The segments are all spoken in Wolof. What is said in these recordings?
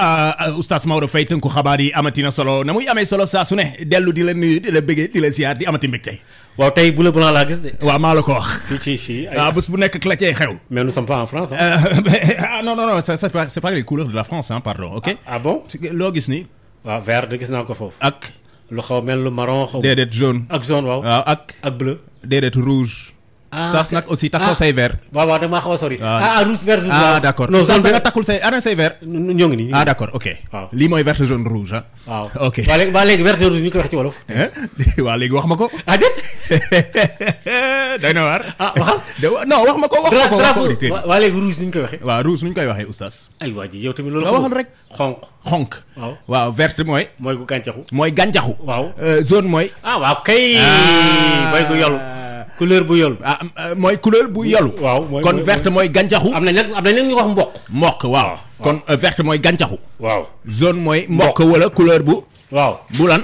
ah oustaz Maodo fey tënku xabaar yi amati na solo na muy amee solo saa su ne dellu di la nuyu di la bëggee di la siyaar di amati mbégte waaw tey bu la blanc laa gis de. waaw maa la ko wax. fii waaw ah, bés bu nekk la cay xew. mais nous sommes en France euh, ah non non c'est pas c'est pas les couleurs de la France ah pardon ok. Ah, ah loo gis ni waaw vert gis naa ko foofu. ak lu xaw mel lu marron. xaw déedéet jaune. ak jaune waaw. waaw ak ak bleu. déedéet rouge. Ah, saas nag aussi takkoo ah. say verre. waaw waaw damaa xaw a sori. ah, ah rouge vert jaune ah d' accord. non saas da nga takkul say ana say verre. ñoo ngi nii ah d' accord lii mooy vert jaune rouge ah. waaw ma ko. ah déet. day na waar. ko wax waa léegi rouge koy waxee. waaw rouge nu ñu koy waxee waa ji yow tamit loolu. nga vert mooy. mooy gu mooy gàncaxu. waaw jaune euh, mooy. ah waaw kay. mooy gu yolu. couleur bu yolu ah euh, mooy couleur bu yolu waaw kon vert mooy gàncaxu. am na nag am na nag ñu wax mboq. mboq waaw. Ah, kon euh, verte mooy gàncaxu. waaw zone mooy. mboq wala couleur bu. waaw bu lan.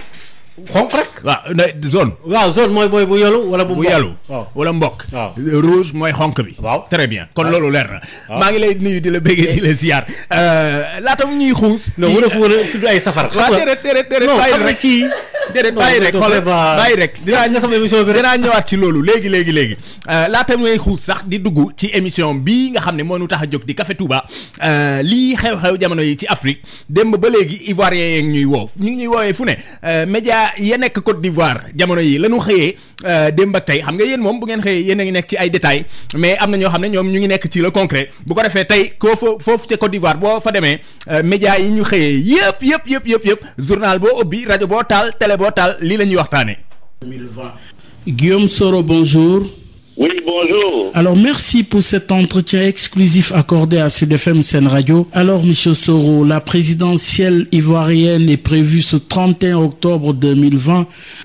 xonq rek. waaw zone. mooy mooy bu yolu wala bu. bu yolu wala mbokk. waaw rouge mooy xonq bi. waaw très bien kon loolu leer na. maa ngi lay nuyu di la bëggee di la ziar. Euh, laata mu ñuy xuus. non wërëf wërëf tudd ay safar. xam nga waaw déedéet déedéet déedéet bàyyi rek xoolal bàyyi rek dinaa nga sama émission bi dinaa ñëwaat ci loolu léegi léegi léegi euh, laata ngay xuus sax di dugg ci émission bii nga xam ne moo nu tax a jóg di Café Touba euh, lii xew-xew jamono yi ci Afrique démb ba léegi Ivoirien yeeg ñuy woow ñu ngi ñuy woowee fu ne euh, média ya nekk Côte d'Ivoire jamono yi lañu xëyee Euh, démb ak tey xam nga yéen moom bu ngeen xëyee yéen a ngi nekk ci ay détails mais am na ñoo xam ne ñoom ñu ngi nekk ci le concret bu ko defee tey koo fa foofu ca Côte d'Ivoire boo fa demee euh, médias yi ñu xëyee yëpp yëpp yëpp yëpp yëpp journal boo ubbi rajo boo taal télé boo taal lii la ñuy waxtaanee. Guillaume Soro bonjour. Oui, bonjour. Alors, merci pour cet entretien exclusif accordé à Sud FM Sen Radio. Alors, Monsieur Soro, la présidentielle ivoirienne est prévue ce 31 octobre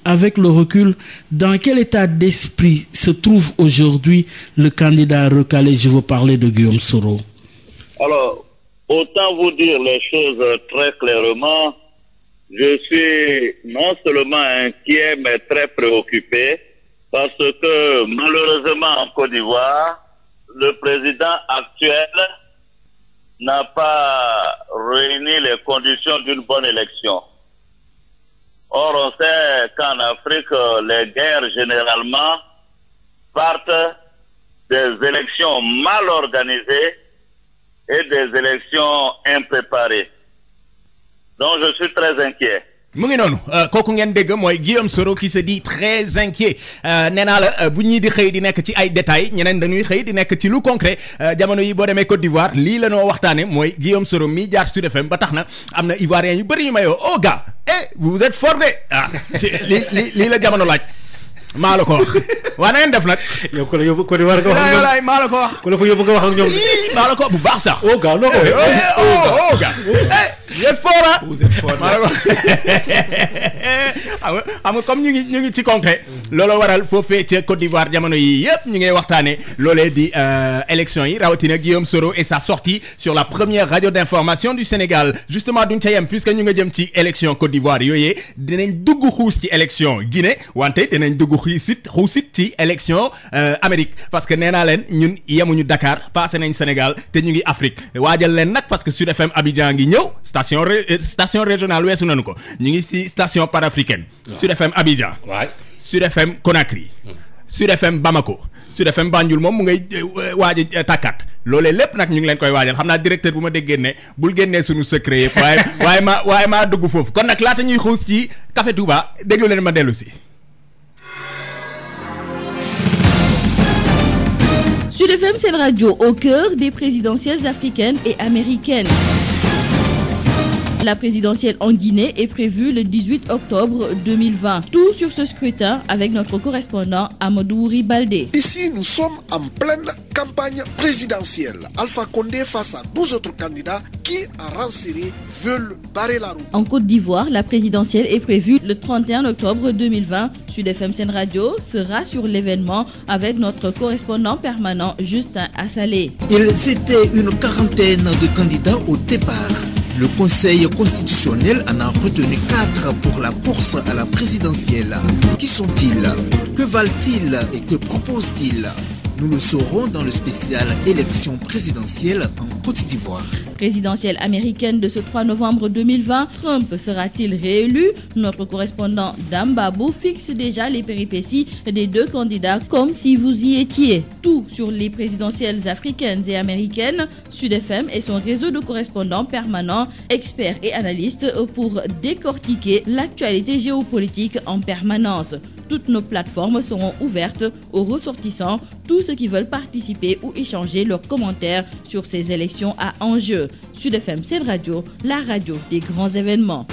Avec le recul, dans quel état d'esprit se trouve aujourd'hui le candidat recalé? Je veux parler de Guillaume Soro. Alors, autant vous dire les choses très clairement, je suis non seulement inquiet, mais très préoccupé parce que malheureusement en Côte d'Ivoire, le président actuel n'a pas réuni les conditions d'une bonne élection. Or, on sait qu'en Afrique, les guerres généralement partent des élections mal organisées et des élections impréparées. Donc, je suis très inquiet. mu ngi noonu euh, kooku ngeen dégg mooy Guillaume Soro qui se di très inquiet euh, nee naa la euh, bu ñii di xëy di nekk ci ay détails ñeneen dañuy xëy di nekk ci lu concret jamono yi boo demee Côte d'Ivoire lii la noo waxtaane mooy Guillaume Soro mii jaar Sud FM ba tax na am na Ivoiriens yu bëri ñu mayoo oh gars eh vous êtes fort de ah, jamono laaj maa la ko wax waa na ngeen def nag. yow ku la yóbbu Côte d'Ivoire nga wax ak ñoom maa la ko wax. ku la nga wax ak ñoom. maa la bu baax sax. oh gars noo ko waxee eh, oh, oh oh gars. Oh, oh. Eh, vous êtes fort ah. vous xam nga comme ñu ngi ñu ngi ci concret looloo waral foofu ca Côte d'Ivoire jamono yii yëpp ñu ngay waxtaanee loolee di euh, élection yi rawatina Guillaume Soro et sa sortie sur la première radio d'information du Sénégal justement duñ ca yem puisque ñu nga jëm ci élection Côte d'Ivoire yooyee dinañ dugg xuus ci élection Guinée wante dinañ dugg xuusit xuusit ci élection euh, Amérique parce que nee naa leen ñun yemuñu Dakar passé nañ Sénégal te ñu ngi Afrique waajal leen nag parce que Sud FM Abidjan ngi ñëw. station euh, station régionale weesu nañu ko ñu ngi si station panafricaine. waaw Sud FM Abidjan. waay Sud Conakry. Mm. Sud Bamako. Sud FM Banjul moom mu ngay euh, waaj a euh, tàkkaat loolee lépp nag ñu ngi leen koy waajal xam naa directeur bu ma déggee ne bul génnee suñu secret yëpp waaye waaye ma waaye maa dugg foofu kon nag laata ñuy xuus ci Café Touba ma dellu si. Sud FM, radio au cœur des présidentielles africaines et américaines. La présidentielle en Guinée est prévue le 18 octobre 2020. Tout sur ce scrutin avec notre correspondant Amadou Ribaldé. Ici, nous sommes en pleine campagne présidentielle. Alpha Condé face à 12 autres candidats qui, à serrée, veulent barrer la route. En Côte d'Ivoire, la présidentielle est prévue le 31 octobre 2020. Sud FM Seine Radio sera sur l'événement avec notre correspondant permanent Justin Assalé. Ils étaient une quarantaine de candidats au départ. Le Conseil constitutionnel en a retenu quatre pour la course à la présidentielle. Qui sont-ils Que valent-ils et que proposent-ils Nous le saurons dans le spécial élection présidentielle Côte d'Ivoire. Présidentielle américaine de ce 3 novembre 2020, Trump sera-t-il réélu Notre correspondant Dambabou fixe déjà les péripéties des deux candidats comme si vous y étiez. Tout sur les présidentielles africaines et américaines, Sud FM et son réseau de correspondants permanents, experts et analystes pour décortiquer l'actualité géopolitique en permanence. Toutes nos plateformes seront ouvertes aux ressortissants, tous ceux qui veulent participer ou échanger leurs commentaires sur ces élections à enjeu. Sud FM, Sen Radio, la radio des grands événements.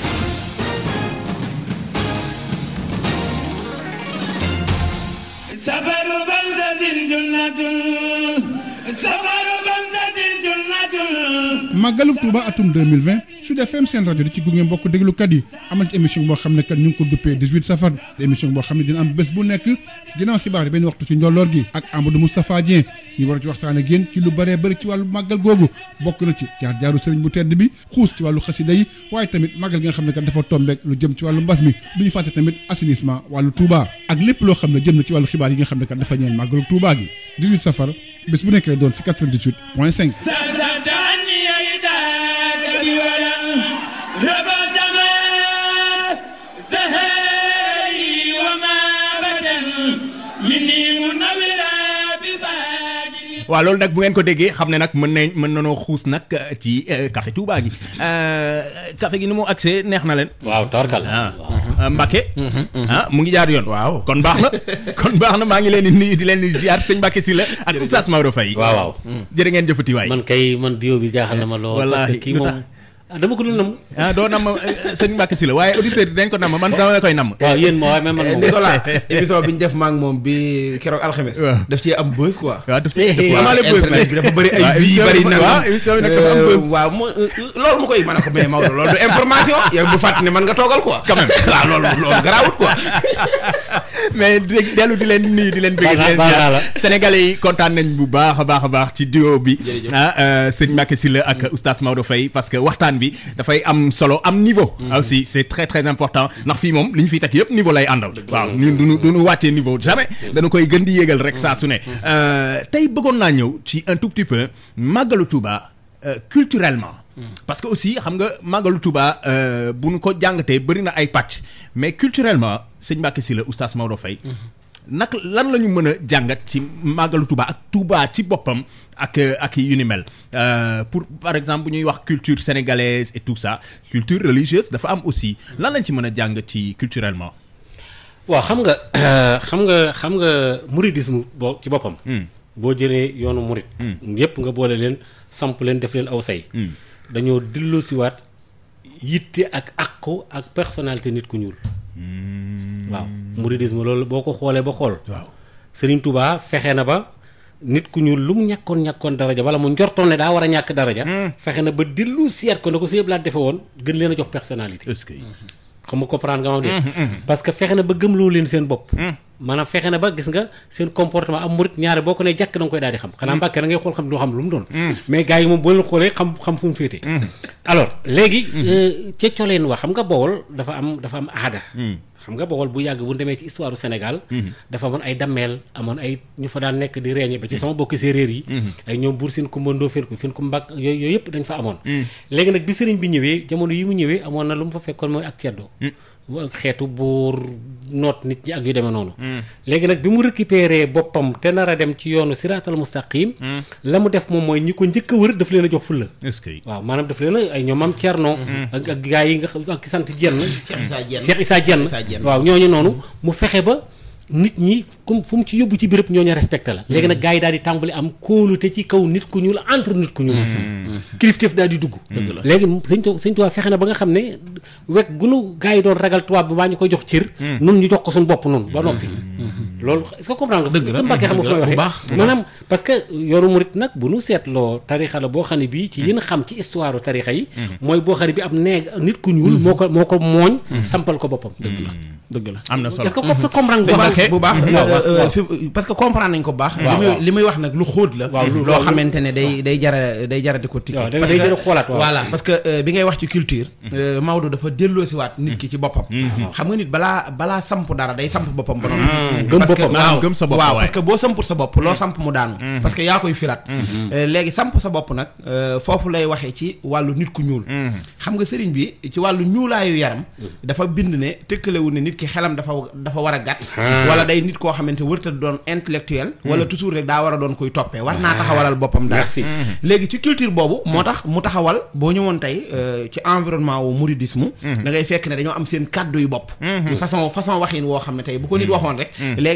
màggalub Touba atum 2020 Sud FM seen rajo di ci gunge mbokk déglukat yi amal ci émission boo xam ne kat ñu ngi ko duppee 18 safar te émission boo xam ne dina am bés bu nekk ginnaaw xibaar yi benn waxtu ci njolloor gi ak Amadou Moustapha Dieng ñu war a ci waxtaan ak yéen ci lu bëree bëri ci wàllu màggal googu bokk na ci jaar jaaru sëriñ bu tedd bi xuus ci wàllu xasida yi waaye tamit màggal gi nga xam ne kat dafa tombeek lu jëm ci wàllu mbas mi du ñu fàtte tamit assainissement wàllu Touba ak lépp loo xam ne jëm na ci wàllu xibaar yi nga xam ne kat dafa ñeel màggalu Touba gi 18 safar bés doon si 98 point 5. waaw loolu nag bu ngeen ko déggee xam ne nag mën nañ mën nanoo xuus nag euh, ci kafe euh, Touba gi euh, café gi ni mu accès neex na leen. waaw tarkal ah Mbacke. ah mu ngi jaar yoon. waaw kon baax na kon baax na maa ngi leen di nuyu di leen di ziar sëñ Mbacke Sylla ak oustaz Maodo Faye. waaw waaw jërë ngeen jëfati waay. man kay man diw bi jaaxal na ma loo wallaahi kii tax ah dama ko doon namm. ah doo namm eh, eh, sëñ Mbacke Sylla waaye auditeur yi dañ ko namm man dama koy namm. waaw ah, yéen ma waaye man man eh, bi ñu def maa ngi moom bi keroog alxames. daf cee am buzz quoi. waaw daf cee amaale buzz bi dafa bëri ay vie bëri na waaw émission bi nag dafa am euh, waaw mu euh, euh, loolu koy mën a ko information yow bu fàttali ne mën nga toogal quoi. quand même waaw loolu loolu garaawut quoi. mais dellu di leen nuyu di leen bëgg sénégalais yi kontaan nañ bu baax baax a baax ci duo bi ah euh, sëñ Mbacké Sylla ak oustaz Maodo fay parce que waxtaan bi dafay am solo am niveau mhm. ah, aussi c'est très très important ndax fii moom li ñu fiy teg yëpp niveau lay àndal waaw ñun duñu duñu wàccee niveau jamais dañu koy gën di yéegal rek saa su ne mhm. euh, tey bëggoon naa ñëw ci un tout petit màggalu Touba euh, culturellement parce que aussi xam nga màggalu Touba euh, bu ñu ko jàngatee bëri na ay pàcc mais culturellement sëñ Mbacké Sylla oustaz Maodo fay nak lan la ñu mën a jàngat ci màggalu tubaa ak Touba ci boppam ak euh, ak yu ni mel euh, pour par exemple bu ñuy wax culture sénégalaise et tout ça culture religieuse dafa am aussi lan lañ ci mën a jàngat ci culturellement. waaw xam nga xam nga xam nga mouridisme boo ci boppam. Hmm. boo jëlee yoonu murid. Hmm. yépp nga boole leen samp leen def leen dañoo delloosiwaat yitte ak àqu ak personnalité nit ku ñuul. Hmm. waaw mu mouridisme loolu boo ko xoolee ba xool. waaw Serigne Touba fexe na ba nit ku ñuul lu mu ñàkkoon ñàkkoon daraja wala mu njortoon ne daa war a ñàkk daraja. Hmm. fexe na ba delloosiwaat ko ne ko si yëpp laa defe woon gën leen a jox personnalité. est-ce que xam nga comprendre nga moom hmm, que fexe na ba gëm loo leen seen bopp. maanaam fexe na ba gis nga seen comportement am murit ñaare boo ko nee jàkk da nga koy daal di xam xanaa mm. mbàkke da ngay xool xam doo xam lu mu doon mm. mais gars yi xam mu mm. euh, nga bowol dafa am dafa am aada xam nga bowol bu yàgg bu demee ci histoire du Sénégal dafa amoon ay dammeel amoon ay ñu fa daan nekk di reeñe ba ci sama bokki séeréer yi ay ñoom buur seen kumbandoo fen ko fen ku mbàkk yooyu yëpp dañ fa amoon léegi nag bi sëriñ bi ñëwee yi mu ñëwee amoon na lu mu fa fekkoon mooy ak ceddoo xeetu buur noot nit ñi ak yu demee noonu. Hmm. léegi nag bi mu récupéré boppam te nar a dem ci yoonu siraatal mustaqim hmm. la mu def moom mooy ñi ko njëkk a wër daf leen a jox fulla. est-ce waaw maanaam daf leen a ay ñoom am Cerno. Hmm. ak ak yi nga xam ak sant Jenn. Cheikh Issa Jenn Cheikh Issa Jenn. waaw ñooñu noonu mu fexe ba. nit ñi comme fu mu ci yóbbu ci béréb ñoo ñu respecté la léegi nag hmm. gaa yi daal di tàmbali am kóolute ci kaw nit ku ñuul entre nit ku ñuul hmm. kilifteef daal di dugg hmm. léegi sëñ to sëñ tubaab fexe na ba nga xam ne wekk gunu gars yi doon ragal tubaab bi baa ñu koy jox cër nun ñu jox ko suñu bopp noonu ba noppi loolu est-ce que comprendre nga. dëgg la dëgg la bu baax nag bu nu seetloo tarixa la boo xam ne bii ci yéen xam ci histoire tarixa yi. Mhm. mooy boo bi am neeg nit ku ñuul. Mhm. moo ko moo ko mooñ. Mhm. sampal ko boppam. dëgg dëgg la am na solo est-ce que ko bu baax euh, parce que comprendre nañ ko bu baax. li muy wax nag lu xóot la. loo xamante ne day day jara day jara di ko tikki. waaw day jara xoolaat voilà parce que euh, bi ngay wax ci culture. Euh, Maodo dafa delloosiwaat nit ki ci boppam. xam nga nit balaa balaa samp dara day samp boppam ba noonu boppam waaw gëm sa bopp waaw parce que boo sampul sa bopp loo samp mu daanu mm-hmm. parce que yaa koy filaat mm-hmm. euh, léegi samp sa bopp nag euh, foofu lay waxee ci wàllu nit ku ñuul mm-hmm. xam nga sëriñ bi ci wàllu ñuulaayu yaram dafa bind ne tëkkalewul ne nit ki xelam dafa dafa war a gàtt ah. wala day nit koo xamante wërta doon intellectuel wala mm. toujours rek daa war a doon koy toppee war naa ah. taxawalal boppam daal léegi ci culture boobu moo tax mu taxawal boo ñëwoon tey euh, ci environnement wu mouridisme da fekk dañoo am seen kàddu yu bopp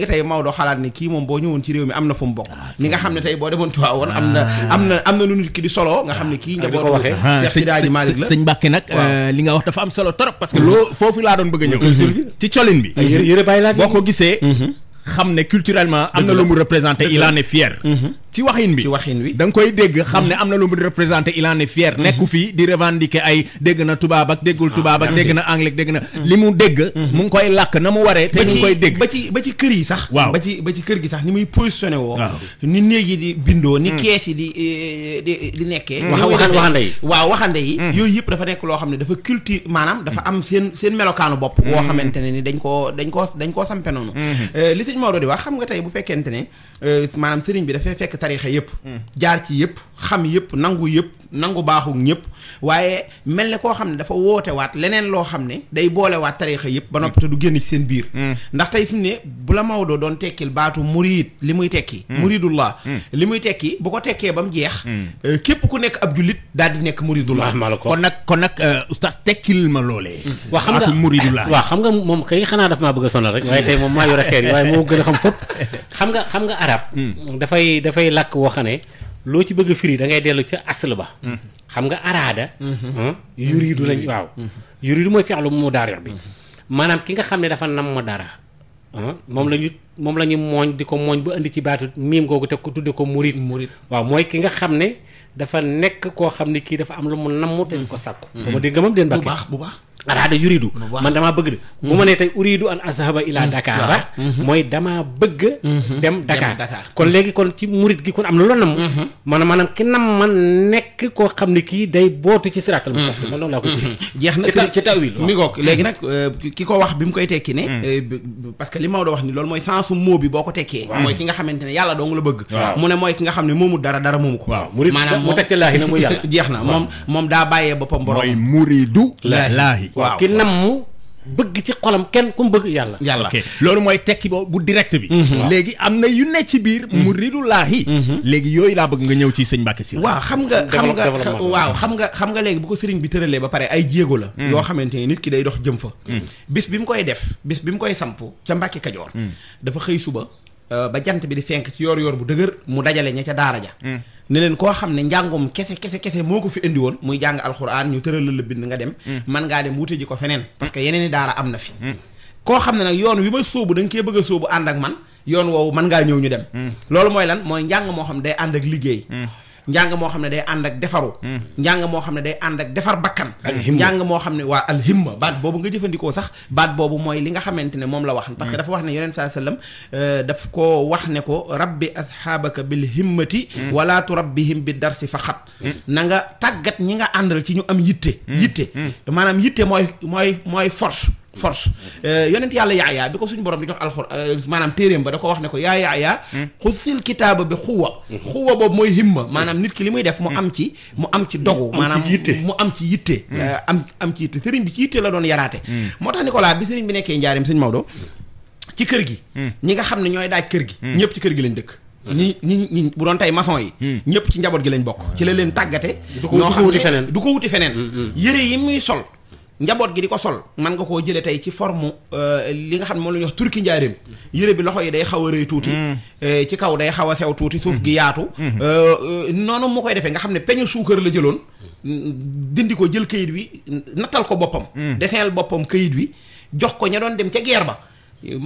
léegi tey Maodo xalaat ne kii moom boo ñëwoon ci réew mi am na fu mu bokk ni ah, nga xam ne tey boo demoon Tiwaawoon ah. am na am na am na nu nit ki di solo nga xam ne kii ah, njabootu Cheikh Sidaji Malick la sëñ Mbàkke nag euh, li nga wax dafa am solo trop parce que loo foofu laa doon bëgg a ñëw mm-hmm. ci colin bi boo ko gisee mm-hmm. xam ne culturellement am na lu mu représenté il en est fier mm-hmm. ci waxin bi ci waxin wi da koy dégg xam ne am na lu mu représenté il en est fier nekku fii di revendiquer ay dégg na tubaab ak déggul ah, tubaab ak dégg na anglais dégg na li mu dégg mu ngi koy làkk na mu waree te koy dégg ba ci ba ci kër yi sax waaw ba ci ba ci kër gi sax ni muy positionné woo ni néeg di bindoo ni mm. kees yi di eh, di di nekkee mm. waxande yi waaw waxande yi mm. yooyu yëpp dafa nekk loo xam ne dafa culture maanaam dafa am seen seen melokaanu bopp woo xamante ne ni dañ koo dañ koo dañ koo sampe noonu eh, li sëñ wax xam nga tey bu fekkente ne Euh, maanaam sëriñ bi dafay fekk tarixa yëpp hmm. jaar ci yëpp xam yëpp nangu yëpp nangu baaxul ñëpp waaye mel ne koo xam ne dafa woote waat leneen loo xam ne day boolewaat tariixa yëpp ba noppi du génn ci seen biir mm. ndax tey fi mu ne bu la Maodo doon tekkil baatu muriid li muy tekki mm. muridullah mm. li muy tekki bu ko tekkee ba mu jeex euh, képp ku nekk ab jullit daal di nekk muridullah kon nag kon nag euh, oustaz tekkil ma loole waa xam nga muridullah waaw xam nga moom kay xanaa daf maa bëgg a sonal waaye tey moom maa yor xeer yi waaye moo gën a xam fëpp xam nga xam nga arab dafay dafay làkk woo xam ne loo ci bëgg a firi da ngay dellu ca asl ba mm-hmm. xam nga araada mm-hmm. ah, yuridu lañ mm-hmm. waaw yuridu mooy fi'lu mu daarir bi maanaam ki nga xam ne dafa nam ma dara ah, moom la moom la ñu mooñ di ko mooñ ba indi ci baatu miim googu te ko tudde ko murit murit waaw mooy ki nga xam ne dafa nekk koo xam ne kii dafa am lu mu namm te ko sàkku ba ma dégg nga moom den bàkke bu baax bu baax araada yuridu man damaa bëgg de bu ma nee tey uridu an azhaba ila mm-hmm. dakar ah, mm-hmm. mooy damaa bëgg mm-hmm. dem dakar kon léegi kon ci murit gi kon am na loolu nam maanaam maanaam ki nam man nekk nekk koo xam ne kii day bootu ci siraatal mustaqim mhm. man noonu laa ko mhm. jeex na ci tawil mi ngoog léegi nag euh, ki ko wax bi mu koy tekki ne mhm. euh, parce que li Maodo wax ni loolu mooy sensu mot bi boo ko tekkee mooy ki nga xamante ne yàlla dong la bëgg mu ne mooy ki nga xam ne moomu dara dara moomu ko maanaam mu tekki laahi na muy yàlla jeex na moom moom daa bàyyee boppam borom mooy muridu laahi waaw bëgg ci xolam kenn ku mu bëgg yàlla yàlla loolu mooy tekki boo bu direct bi mhm. léegi am na yu ne ci biir mhm. mu ridu laahi mhm. léegi yooyu laa bëgg nga ñëw ci sëñ Mbacke si waaw xam nga xam nga waaw xam nga xam nga léegi bu ko sëriñ bi tëralee ba pare ay jéego la yoo xamante ni nit ki day dox jëm fa bis bi mu koy def bis bi mu koy samp ca Mbacke Kajoor dafa xëy suba Euh, ba jant bi di fenk ci yor-yor bu dëgër mu dajale ña ca daara ja. Hmm. ne koo xam ne njàngum kese kese kese moo ko fi indi woon muy jàng alxuraan ñu tëralal la bind nga dem. Hmm. man ngaa dem wute ji ko feneen. parce que hmm. yeneen i daara am na fi. koo xam ne nag yoon wi ma sóobu da nga cee bëgg a sóobu ànd ak man yoon wow mën ngaa ñëw ñu dem. loolu mooy lan mooy njàng moo xam day ànd ak liggéey. njàng moo xam ne day ànd ak defaru hmm. njàng moo xam ne day ànd ak defar bakkan njàng moo xam ne waa alhimma baat boobu nga jëfandikoo sax baat boobu mooy li nga xamante ne moom la wax parce que hmm. dafa wax ne yonent saa sallam euh, daf ko bi ne ko rabbi asxaabaka bil himmati hmm. wala turabbihim bi darsi xat na nga tàggat ñi nga àndal ci ñu am yitte yitte maanaam yitte mooy mooy mooy force force euh, yonent yàlla yaayaa bi ko suñu borom di jox alxor euh, maanaam téeréem ba da ko wax ne ko yaa yaayaa hmm? xusil kitaaba bi xuwa hmm. xuwa boobu mooy himma maanaam hmm. nit ki li muy def mu am ci mu am ci dogu maanaam mu am ci yitte euh, am am ci yitte sëriñ bi ci yitte la doon yaraate moo tax Nicolas bi sëriñ bi nekkee njaareem sëñ Maodo ci kër gi ñi nga xam ne ñooy daaj kër gi ñëpp ci kër gi lañ dëkk ñi ñi ñi bu doon tey maçon yi ñëpp ci njaboot gi lañ bokk ci la leen tàggate ñoo xam ne du ko wuti feneen yëre yi muy sol njaboot gi di ko sol man nga koo jëlee tey ci forme euh, li nga xam ne moom la wax turki njaareem yére bi loxo yi day xaw a rëy tuuti mm. euh, ci kaw day xaw sew tuuti suuf gi mm-hmm. yaatu mm-hmm. Euh, noonu moo koy defee nga xam ne peñu suukar la jëloon mm, dindi ko jël kayit wi nattal ko boppam mm. desinal boppam kayit wi jox ko ña doon dem ca guerre ba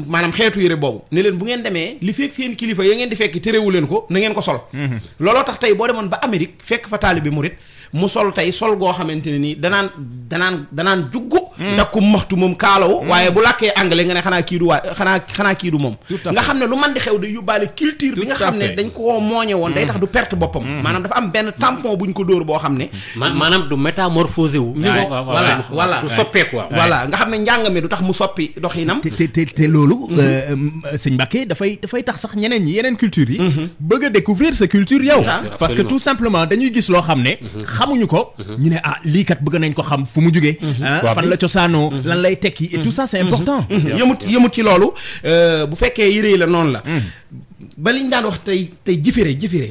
maanaam xeetu yére boobu ne leen bu ngeen demee li fekk seen kilifa ya ngeen di fekk terewu leen ko na ngeen ko sol mm-hmm. looloo tax tey boo demoon ba Amérique fekk fa taalibe murit mu sol tey sol goo xamante ne nii danaan danan danaan juggu Mm. takku maxtu moom kaalaw mm. waaye bu làkkee anglais nga ne xanaa kii du waa xanaa xanaa kii du moom nga xam ne lu man di xew day yóbbaale culture bi nga xam ne dañ ko mooñe woon day tax du mm. perte boppam maanaam dafa am benn tampon buñ ko dóor boo xam ne maanaam du métamorphosé wu voilà voilà du soppeeku voilà nga xam ne njàng mi du tax mu soppi doxinam te te te loolu mm-hmm. euh, euh, sëñ Mbacke dafay dafay tax sax ñeneen yi yeneen culture yi bëgg de découvrir sa culture yow parce que tout simplement dañuy gis loo xam ne mm-hmm. xamuñu ko mm-hmm. ñu ne ah lii bëgg nañ ko xam fu mu jugee ah, fan cosaanoo mhm. lan lay tekki et tout sa c'est mhm. important mhm. yëmut yëmut ci loolu euh, bu fekkee yëre yi la noon la ba li ñu daan wax tey tey jifére jifére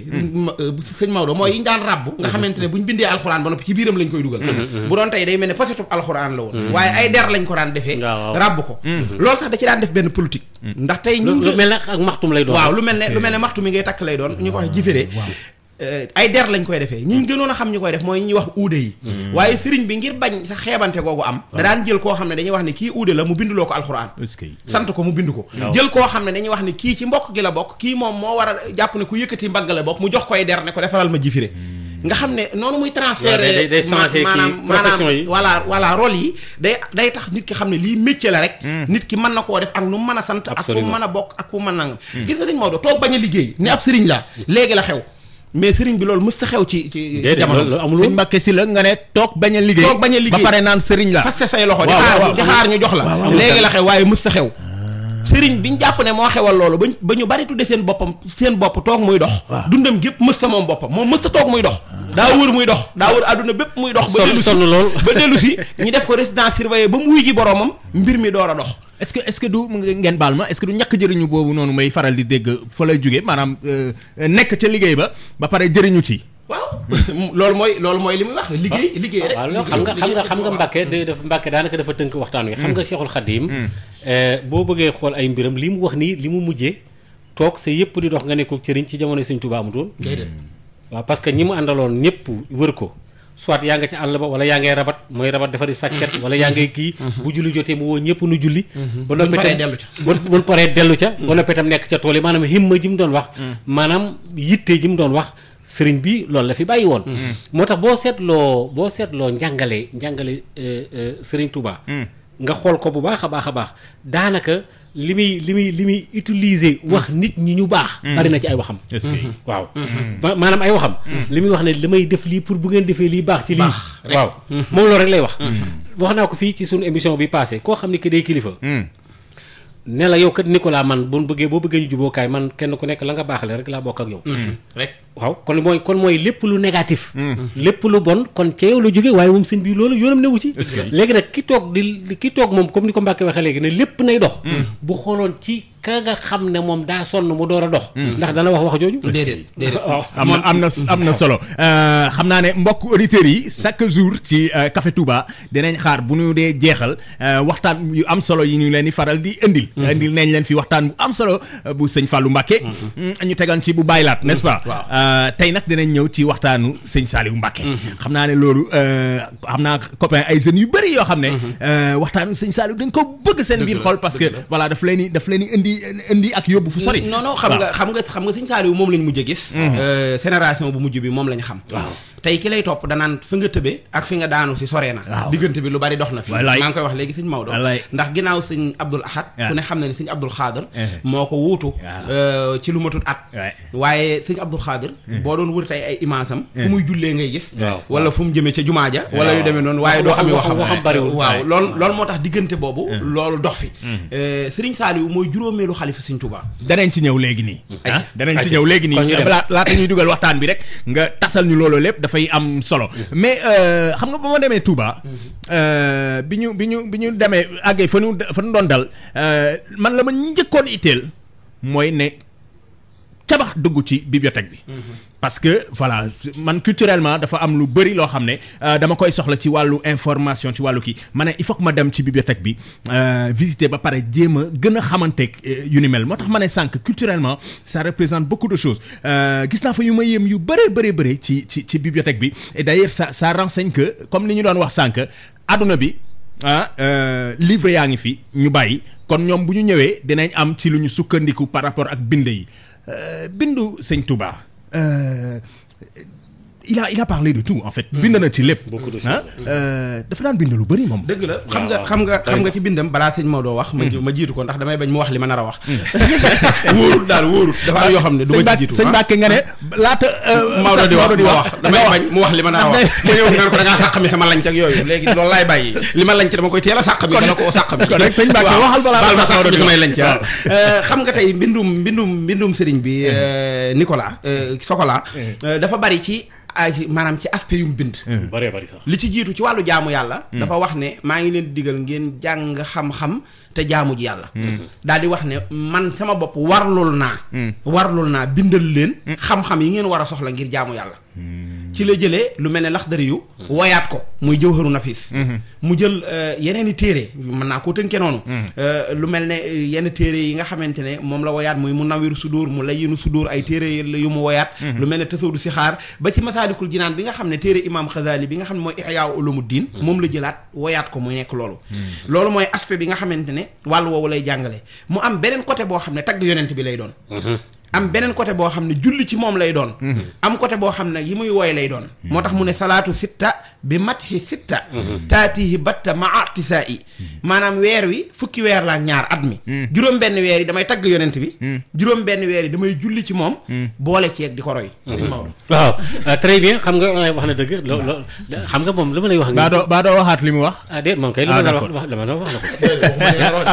euh, sëñ Maodo mooy yi ñu daan ràbb nga xamante ne bu ñu bindee alxuraan ba noppi ci biiram lañ koy dugal bu doon tey day mel ne fasetub alxuraan la woon waaye ay der lañ ko daan defee ràbb ko loolu sax da ci daan def benn politique ndax tey ñu lu mel ne ak maxtum lay doon waaw lu mel ne lu mel ne maxtum yi ngay takk lay doon ñu ko wax Euh, ay der lañ koy defee ñi gënoon a xam ñu koy def mooy ñuy wax uude yi mm-hmm. waaye sëriñ bi ngir bañ sa xeebante googu am da daan jël koo xam ne dañuy wax ne kii uude la mu binduloo ko alxuraan sant ko mu bind ko jël koo xam ne dañuy wax ne kii ci mbokk gi la bokk kii moom moo war a jàpp ne ku yëkkati mbagg la bokk mu jox koy der ne ko defaral ma jifire mm. nga xam ne noonu muy transféré maanaam profession yi voilà voilà rôle yi day day tax nit ki xam ne lii métier la rek mm. nit ki mën na koo def ak nu mën a sant ak mën a bokk ak ku mën nangam mm. gis nga sëñ Maodo toog a liggéey ni ab sëriñ la léegi la xew mais sëriñ bi loolu mës sa xew ci ci jamono amul sëriñ Mbàkke si la nga ne toog bañ a liggéey toog bañ a liggéey ba pare naan sëriñ la fas sa say loxo di xaar di xaar ñu jox la léegi la xew waaye mës sa xew sëriñ bi ñu jàpp ne moo xewal loolu ba ba ñu bari tudde seen boppam seen bopp toog muy dox dundam gépp mës sa moom boppam moom mës sa toog muy dox ah. daa wër muy dox daa wër àdduna bépp muy dox ba dellu lool ba dellu ñu def ko résidence surveillée ba mu wuy ji boroomam mbir mi door a dox est-ce que est-ce que du ngeen baal ma est-ce que du ñàkk jëriñu boobu noonu may faral di dégg fa lay jóge maanaam euh, nekk ca liggéey ba ba pare jëriñu ci waaw loolu mooy loolu mooy li muy wax liggéey ah. liggéey rek waaw xam nga xam nga xam nga Mbàkke day def Mbàkke daanaka dafa tënk waxtaan wi xam nga hmm. Cheikhul Khadim hmm. eh, boo bëggee xool ay mbiram li mu wax nii li mu mujjee toog sa yëpp di dox nga nekkook sëriñ ci jamono Sëriñ Tuubaa amutoon hmm. waaw parce que ñi mu àndaloon ñëpp wër ko soit yaa nga ci àll ba wala yaa ngay rabat mooy rabat dafa di sàkket wala yaa ngay kii bu julli jotee mu woo ñëpp nu julli ba noppi tam bu paree dellu ca ba noppi tam nekk ca tool yi maanaam himma ji mu doon wax maanaam yitte ji mu doon wax sëriñ bi loolu la fi bàyyi woon. Mm-hmm. moo tax boo seetloo boo seetloo njàngale njàngale euh, euh, sëriñ Touba. Mm. nga xool ko bu baax a baax a baax daanaka li muy li muy li muy utiliser. Mm. wax nit ñi ñu baax. Mm. bari na ci ay waxam. Mm-hmm. waaw. Mm-hmm. maanaam ay waxam. li muy wax ne li may def lii pour bu ngeen defee lii baax. ci lii waaw moom loolu rek lay wax. wax naa ko fii ci sunu émision bi passé koo xam ne ki day kilifa. ne la yow kat Nicolas man bu bëggee boo bëggee ñu jubookaay man kenn ku nekk la nga baaxale rek laa bokk ak yow. Mm-hmm. Mm-hmm. rek waaw kon mooy kon mooy lépp lu négatif. Mm-hmm. lépp lu bon kon ca yow la jógee waaye moom sëñ bi loolu yoonam newu ci. léegi nag ki toog di ki toog moom comme ni ko Mbacke waxee léegi ne lépp nay dox. bu xooloon ci. ka nga xam ne moom daa sonn mu door a dox. Hmm. ndax dana wax wax jooju. déedéet déedéet am na am na solo euh, xam naa ne mbokk auditeurs yi chaque jour ci euh, Café Touba dinañ xaar bu ñu dee jeexal euh, waxtaan yu am solo yi ñu leen di faral di indil. Hmm. indil nañ leen fi waxtaan bu am solo bu sëñ Fallou Mbacké. Hmm. ñu tegal ci bu bàyyilaat n'est-ce pas. tey nag dinañ ñëw ci waxtaanu sëñ Saliou Mbacké. xam naa ne loolu xam naa copain ay jeunes yu bëri yoo xam ne. waxtaanu sëñ Saliou dañ ko bëgg seen biir xol parce que daf leen di daf leen di indi indi ak yóbbu fu sori non xam nga xam nga xam nga sëñ Saliou moom lañ mujj a gis sénération mm-hmm. euh, bu mujj bi moom lañ xam tey ki lay topp danaan fi nga tëbee ak fi nga daanu si sore na diggante bi lu bari dox na fi maa ngi koy wax léegi sëñ Maodo ndax ginnaaw sëñ Abdul Ahad ku ne xam ne ne sëñ Abdul Xaadir eh. moo ko wuutu euh, ci lu matut at waaye sëñ Abdul Xaadir mm. boo doon wër tey ay image mm. muy jullee ngay gis wala fu mu jëmee ca jumaa ja wala yu demee noonu waaye doo xam waxam waxam waaw loolu loolu moo tax diggante boobu mm. loolu dox fi euh, sëriñ Saliou mooy juróomeelu xalifa sëñ Touba danañ ci ñëw léegi nii ah? danañ ci ñëw léegi nii laata ñuy dugal waxtaan bi rek nga tasal ñu loolu lépp dafay am solo mais euh, xam nga ba ma demee Touba euh, bi ñu bi ñu bi ñu demee àggee fa ñu fa doon dal euh, man la ma njëkkoon itteel mooy ne cabax dugg ci bibliothèque bi. Mm-hmm. parce que voilà man culturellement dafa am lu bëri loo xam ne euh, dama koy soxla ci wàllu information ci wàllu ki ma il faut ma dem ci bibliothèque bi euh, visiter ba pare jéem a gën a xamanteeg euh, yu ni mel moo tax ma ne sànq culturellement ça représente beaucoup de choses gis naa fa yu ma yéem yu bëree bëree bëri ci ci ci bibliothèque bi et sa ça ça que comme ni ñu doon wax sànq àdduna bi. ah euh, livre yaa ngi fi ñu bàyyi kon ñoom bu ñu ñëwee dinañ am ci lu ñu sukkandiku par rapport ak bind yi Euh, bindu sëñ Touba. Euh, il a a parlé de tout en fait. bind na ci lépp. ah euh, dafa daan bind lu bëri moom. dëgg la xam nga xam nga xam nga ci bindam balaa sëñ Maodo wax. Mm. ma jiitu ko ndax damay bañ mu wax li ma nar a wax. Mm. wóorut daal wóorut. dafa am yoo xam ne du ma jiitu sëñ Mbacke nga ne laata. Euh, Maodo di wax Maodo di wax damay bañ mu wax li ma a wax. ma ñëw naan ko sama lañ ak yooyu léegi loolu laay bàyyi li ma lañ dama koy teel a sàq mi. dana ko sàq mi kon rek sëñ Mbacke waxal balaa baal ma sàq euh, xam nga tey mbindum mbindum mbindum sëriñ bi mm-hmm. Nicolas Sokola mm-hmm. dafa bari ci ay maanaam ci aspect yu mu bind. Hmm. bëree bëri li ci jiitu ci wàllu jaamu yàlla. Hmm. dafa wax ne maa ngi leen digal ngeen jàng xam-xam te jaamu ji yàlla. Hmm. daal di wax ne man sama bopp warlul naa. warlul naa bindal leen. xam-xam yi ngeen war a soxla ngir jaamu yàlla. ci la jëlee lu mel ne laxdari yu woyaat ko muy jëw jawharu nafis mhm. mu jël euh, yeneen i téere mën naa koo tënkee noonu mhm. euh, lu mel ne euh, yenn téere yi nga xamante ne moom la wayaat muy mu nawiru sudur mu layinu sudur ay téere yu mu wayaat mhm. lu mel ne tasawdu sixaar ba ci masaalikul jinaan bi nga xam ne téere imam Xazali bi nga xam ne mooy ihyaa ulumuddin moom la jëlaat wayaat ko muy nekk loolu loolu mooy aspect bi nga xamante ne wàllu woowu lay jàngale mu am beneen côté boo xam ne tagg yonent bi lay doon am beneen côté boo xam ne julli ci moom lay doon mhm. am côté boo xam ne yi muy woy lay doon moo tax mu ne salaatu sitta bi matxi sitta mhm. taatihi batta maatisaa i mhm. maanaam weer wi fukki weer la ñaar at mi juróom benn weer yi damay tagg yonent bi juróom benn weer yi damay julli ci moom boole ci ak di ko roy waaw euh, très bien xam nga euh, wax na dëgg loo loo xam nga moom li ma lay wax baa doo li mu wax ah déet moom kay li ah, ma daan ah,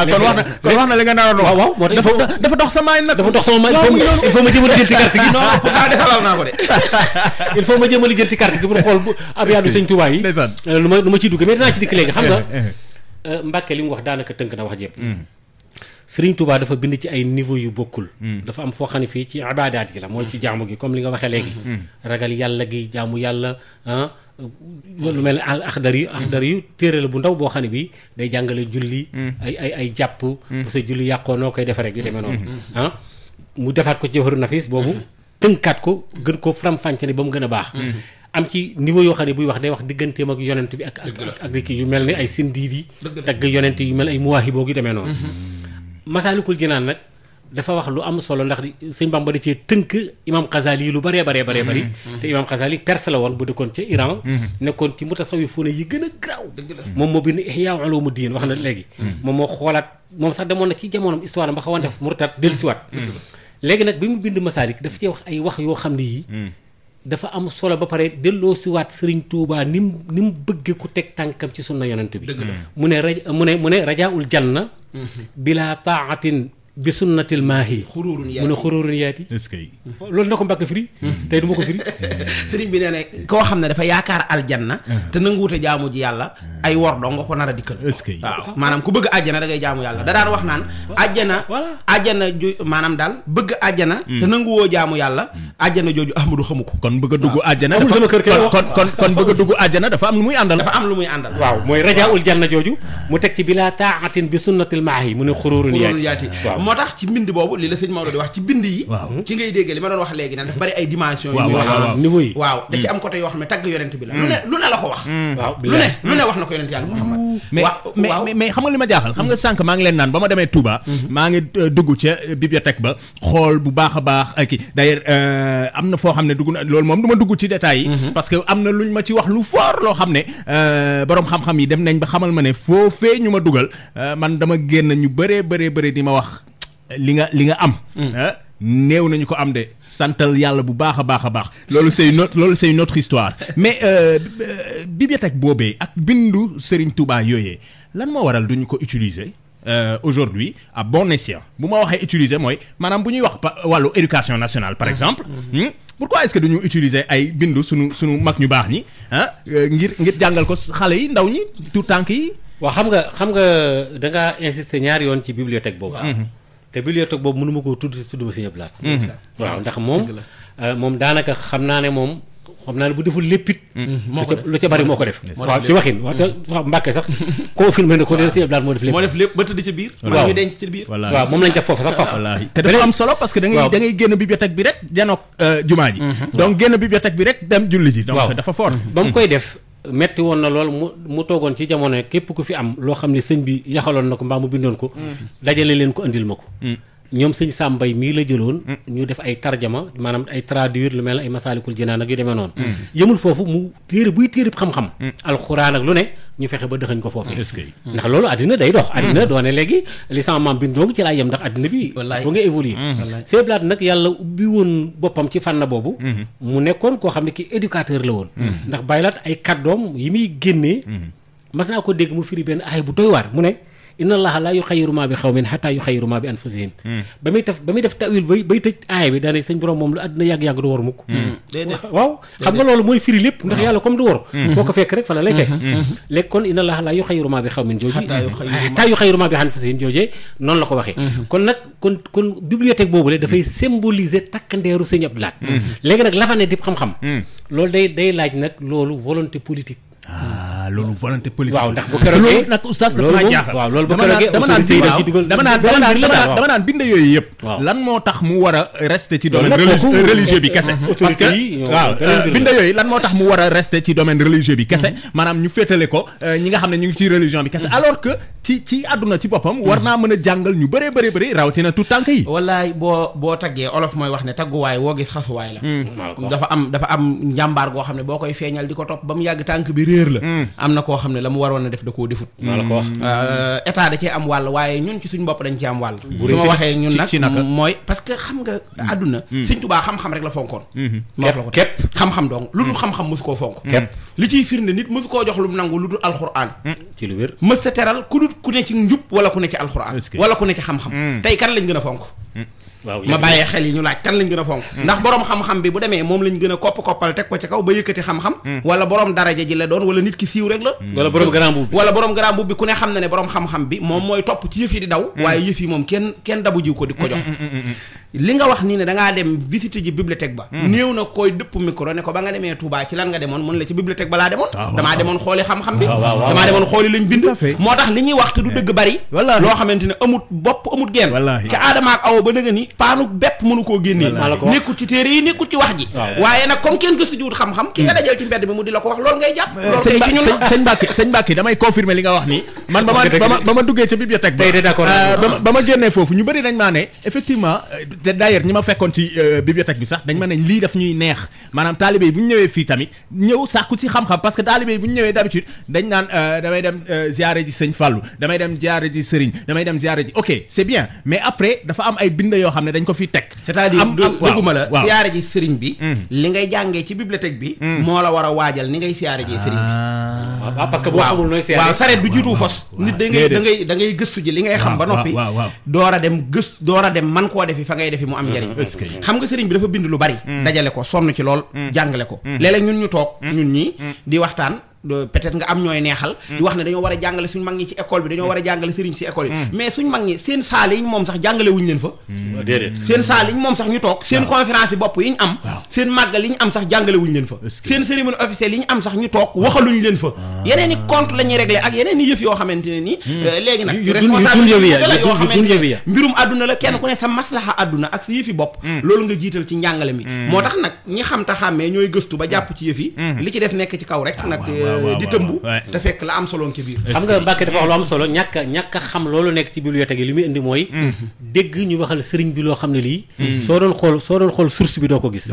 kon wax na li nga naroon wax waaw moo tax dafa dox sama maay nag dafa dox sama maay loolu il faut ma jéem a lijjanti gi non non naa ko de il faut ma jéem a lijjanti carte gi pour xool bu abyaadu sëñ Tuubaa yi lu euh, ma lu ma ciy dugg mais danaa ci dikk léegi xam nga eh, eh, eh. Euh, Mbàkke li mu wax daanaka tënk na wax jépp mm. Sëriñ Tuubaa dafa bind ci ay niveau yu bokkul mm. dafa am foo xam ne fii ci ibaadaat gi la mooy ci jaamu gi comme li nga waxe léegi mm. ragal yàlla gi jaamu yàlla ah, lu mel ne axdar yu axdar yu téere la bu ndaw boo xam ne bi day jàngale julli ay ay ay jàpp bu sa koy defe rek mu defaat ko ci jawharu nafis boobu mm-hmm. tënkaat ko gën ko faram-fàcce ne ba mu gën a baax mm-hmm. am ci niveau yoo xam ne buy wax day wax digganteem ak yonent bi ak ak ak kii yu mel ni ay sindiid yi dagg yonent yu mel ay muwaahiboog yu demee noonu mm-hmm. masaalikul jinaan nag dafa wax lu am solo ndax sëñ Bamba da cee tënk imam Xazali yi lu bëree baree baree bëri te imam Xazali perse la woon bu dëkkoon ca Iran nekkoon ci mutasawwifuuna yi gën a garaaw moom moo bind Ihya Ulumuddin wax na léegi moom moo xoolaat moom sax demoon na ci jamonoom histoire ba xaw a def murtat dellusiwaat léegi nag bi mu bind Masaalik dafa cee wax ay wax yoo xam ne yii. Hmm. dafa am solo ba pare delloo si waat Serigne Touba ni mu ni mu bëgg ku teg tànkam ci sunna yonent bi. dëgg hmm. mu ne raj mu ne mu ne rajaul janna. Hmm. bila bi sunnatil maahi. xuruurun yaati mu ne xuruurun yaati. est loolu na ko mbàkk firi. tey du ma ko firi. Serigne bi nee na koo xam ne dafa yaakaar aljanna. te nanguute jaamu ji yàlla. ay wor doo nga ko nar a dikkal waaw maanaam ku bëgg àjjana da ngay jaamu yàlla da daan wax naan àjjana àjjana ju maanaam daal bëgg àjjana hmm. te nanguwoo jaamu yàlla àjjana jooju Ahmadu xamu ko kon bëgg a dugg àjjana kon kon kon bëgg a dugg àjjana dafa am lu muy àndal dafa am lu muy àndal waaw mooy rajaul janna jooju mu teg ci bila taatin bi sunnatil maahi mu ne xururun yaati moo tax ci mbind boobu li la sëñ Maodo di wax ci mbind yi ci ngay dégg li ma doon wax léegi nag dafa bari ay dimension yi muy wax niveau waaw da ci hmm. am côté yoo xam ne tagg yonent bi la hmm. lu ne ko yonent yàlla Muhammad mais mais mais xam nga li ma jaaxal xam nga sànq maa ngi leen naan ba ma demee Touba mhm. maa ngi euh, dugg ca euh, bibliothèque ba xool bu baax a baax kii d'ailleurs euh, am na foo xam ne dugg na loolu moom du ma dugg ci détails yi mhm. parce que am na luñ ma ci wax lu fort loo xam ne boroom xam-xam yi dem nañ ba xamal ma ne foofee ñu ma dugal man dama génn ñu bëree bëree bëri di ma wax li nga li nga am mhm. néew nañu ko am de santal yàlla bu baax a baax a baax loolu c'est une autre loolu c'est une autre histoire mais euh, euh, bibliothèque boobee ak bindu Serigne Touba yooyee lan moo waral duñu ko utiliser euh, aujourd'hui à bon escient bu ma waxee utiliser mooy maanaam bu ñuy wax par wàllu éducation nationale par mmh. exemple mmh. Hmm? pourquoi est-ce que duñu utiliser ay bindu sunu sunu mag ñu baax ñi ah ngir ngir jàngal ko xale yi ndaw ñi tout tànk yi waa xam nga xam nga dangaa insister ñaari yoon ci bibliothèque boobu mmh. te bibliothèque boobu mënu ma koo tudd tudd ma Sëñ Abdu Lahat mhm. waaw ndax moom euh, moom daanaka xam naa ne moom xam naa ne bu deful léppit mhm. lu ca bari moo ko def waaw ci waxin waaw te mhm. Mbàkke sax confirmé na ko ne Sëñ Abdu Lahat moo def lépp moo def lépp ba tëdd ci biir waaw ñu denc ci biir waaw moom lañ def foofu sax faf te dafa am solo parce que da ngay génn bibliothèque bi rek janoog euh, jumaa ji donc génn bibliothèque bi rek dem julli ji dafa fort ba mu koy def metti woon na lool mu mu toogoon ci jamono képp ku fi am loo xam ni sëñ bi yaxaloon na ko mbaa mu bindoon ko mm. dajale leen ko indil ma ko mm. ñoom sëñ sàmbay mii la jëloon mm. ñu def ay tarjama maanaam ay traduire lu mel ay masaalikul jinaan ak yu demee noonu mm. yëmul foofu mu téere buy téere xam-xam mm. alxuraan ak lu ne ñu fexe ba dëxañ ko foofu ndax loolu àddina day dox àddina doone léegi li sama maam bi ndong ci laa yem ndax àddina bi foo nga évoluer Sëñ Blaat nag yàlla ubbi woon boppam ci fànn boobu mm-hmm. mu nekkoon koo xam ne ki éducateur la woon ndax bàyyilaat ay kàddoom yi muy génnee mm-hmm. mas naa ko dégg mu firi benn aay bu inna allaha laa yuxayyiru maa bi xawmin xataa yuxayyiru bi anfusihim ba hmm. muy ba muy def tawil bay tëj aaya bi daanaka sëñ borom moom lu àddina yàgg-yàgg du war mukk hmm. waaw xam nga loolu mooy firi lépp ndax hmm. yàlla comme du war foo ko fekk rek fa la lay fekk léegi kon inna allaha laa yuxayyiru maa bi xawmin jooju xataa yuxayyiru maa bi anfusihim joojee noonu la ko waxee kon nag kon kon bibliothèque boobule la fa ne dib xam-xam loolu day day nag loolu volonté politique ah. ah loolu volonté politique. waaw ndax bu keroog loolu nag oustaz dafa maa jaaxal. waaw loolu bu dama naan dama naan dama yooyu yëpp. lan moo tax mu war a rester ci domaine. religieux bi kese. parce que waaw euh, bind yooyu lan moo tax mu war a rester ci domaine religieux bi kese. Mhm. maanaam ñu féetale ko euh, ñi nga xam ne ñu ngi ci religion bi kese mhm. alors que ci ci àdduna ci boppam. war mhm. naa mën a jàngal ñu bëree bëri bëri rawatina tout tànk yi. wallaay boo boo taggee olof mooy wax ne tagguwaay woo gis xasuwaay am na koo xam ne la mu waroon a def da koo defut euh, état da cee am wàll waaye ñun ci suñ bopp dañ ci am wàll su ma waxee ñun nag mooy parce que xam nga hmm. àdduna hmm. sëñ Tuubaa xam-xam rek la fonkoon hmm. ma wax la ko képp xam-xam dong lu dul xam-xam mosu koo fonk li ciy firnde nit mosu koo jox lu mu nangu lu dul alxuraan ci lu wér mës ta teral ku dul ku ne ci njub wala ku ne ci alxuraan wala ku ne ci xam-xam tey kan lañ gën a fonk waaw ma bàyyee xel yi ñu laaj kan lañ gën a fonk hmm. ndax borom xam-xam bi bu demee moom lañ gën a kopp-koppal teg ko ci kaw ba yëkkati xam-xam hmm. wala borom daraja ji la doon wala nit ki siiw rek la hmm. wala borom grand boub borom grand boub bi ku ne xam na ne borom xam-xam bi moom mooy topp ci yëf yi di daw waaye yëf yi moom kenn kenn dabu jiw ko di ko jox li nga wax nii ne dangaa dem visite ji bibliothèque ba néew na koy dëpp micro ne ko ba nga demee Touba ci lan nga demoon mun la ci bibliothèque ba laa demoon ah, damaa demoon xooli xam-xam bi ah, damaa moo tax li ñuy wax te du dëgg bari loo xamante ne amut bopp amut genn ca ba nëga ni paanu bépp mënu koo génnee nekkul ci téere yi nekkul ci wax ji waaye nag comme kenn gëstu jiwut xam-xam ki nga hmm. dajal ci mbedd bi mu di la ko wax loolu ngay jàpp eh, loolu kay ci ñun li nga wax nii man ba ma ba ma duggee ca euh, ah. foofu ñu bëri dañ maa ne effectivement euh, d'ailleurs ñi ma fekkoon ci euh, bibliothèque bi sax dañ ma ne lii daf ñuy neex maanaam taalibé bu ñu ñëwee fii tamit ñëw sàkku ci xam-xam parce que taalibé bu ñu ñëwee d'habitude dañ naan damay dem ziare ji sëñ Fallou damay dem ziare ji sëriñ damay dem ziare ji ok c'est bien mais après dafa am ay bind yoo xam xam ne dañ ko fi teg c'est-à-dire la siyaare ji sëriñ bi mm. li ngay jàngee ci bibliothèque bi mm. moo la war a waajal ni ngay siyaare ji sëriñ bi ah. Ah, waaw parce boo xamul nooy siyaare waaw sareet du jiitu fos nit da ngay gëstu ji li ngay xam ba noppi door a dem gës door a dem man koo defi fa ngay defi mu am njariñ mm. xam nga sëriñ bi dafa bind lu bari dajale ko sonn ci lool jàngale ko léeg-léeg ñun ñu toog ñun ñi di waxtaan peut-être nga am ñooy neexal di wax ne dañoo war a jàngale suñ mag ñi ci école bi dañoo war a jàngale sëriñ si école yi mm. mais suñ mag ñi seen saal yi moom sax jàngale leen fa mm. seen saal yi moom sax ñu toog seen conférence bopp yi ñu am seen am sax jàngale leen fa seen cérémonie officielle yi ñu am sax ñu toog waxaluñu leen fa ah. yeneen i compte la ñuy ak yeneen i yëf yoo xamante ne nii mm. euh, léegi nag responsabilité la yoo xamante ne mbirum àdduna la kenn ku ne sa maslaxa àdduna ak sa yëfi bopp loolu nga jiital ci njàngale mi moo tax nag ñi xam ta xàmmee ñooy gëstu ba jàpp ci yëf yi ci def nekk ci kaw rek ah, nag di tëmbu te fekk la am solo ci biir xam nga Mbàkke dafa wax lu am solo ñàkk a ñàkk a xam loolu nekk ci bibliothèque yi li muy indi mooy mm-hmm. dégg ñu waxal sëriñ bi loo xam ne lii mm-hmm. soo doon xool soo doon xool source bi doo ko gis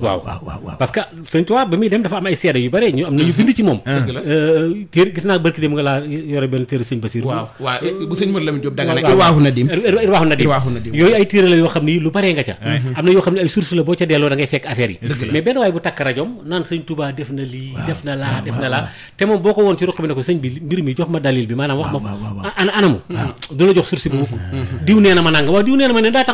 waaw waaw parce que sëriñ Tuubaa ba muy dem dafa am ay seede yu bare ñu am nañu bind ci moom mm-hmm. euh, téer gis naa barki dem nga laa yore benn téere sëñ Basiir waaw waaw eh, bu sëñ Mër Lamin Jóob da nga nag irwaaxu na dim irwaaxu na dim yooyu ay téere la yoo xam ne lu bare nga ca am na yoo xam ne ay source la boo ca delloo da ngay fekk affaire yi mais benn waay bu takk rajom naan sëñ Tuubaa def na lii def na laa def na laa voilà te moom boo ko woon ci ruq bi ne ko sëñ bi mbir mi jox ma dalil bi maanaam wax ma ana anamu ah. du la jox sursi bu mukk diw nee na ma nanga waaw diw nee na ma ne daa a